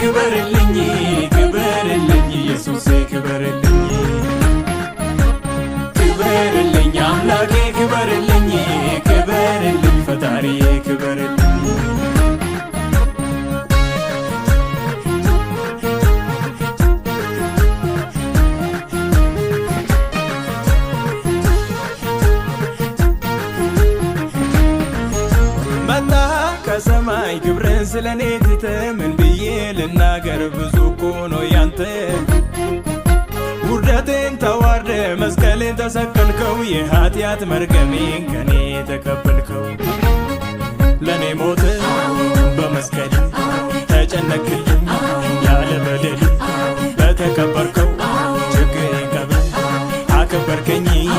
ክበርልኝ ክበርልኝ ኢየሱስ ክበርልኝ ክበርልኝ አምላኬ ክበርልኝ ክበርልኝ ፈጣሪ ክበርልኝ መጣ በሰማይ ክብርን ስለኔ ትተ ምን ብዬ ልናገር? ብዙ እኮ ነው ያንተ ውርደቴን ተዋርደ መስቀልን ተሰቀልከው የኃጢአት መርገሜን ከኔ ተቀበልከው። ለእኔ ሞት በመስቀል ተጨነክልኝ ያለ በደል በተከበርከው ችግሬን ቀብር አከበርከኝ